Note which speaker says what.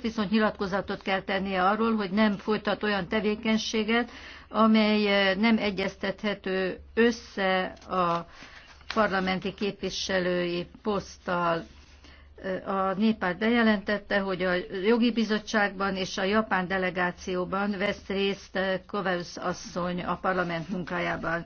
Speaker 1: viszont nyilatkozatot kell tennie arról, hogy nem folytat olyan tevékenységet, amely eh, nem egyeztethető össze a parlamenti képviselői poszttal. Eh, a néppárt bejelentette, hogy a jogi bizottságban és a japán delegációban vesz részt eh, Koveusz asszony a parlament munkájában.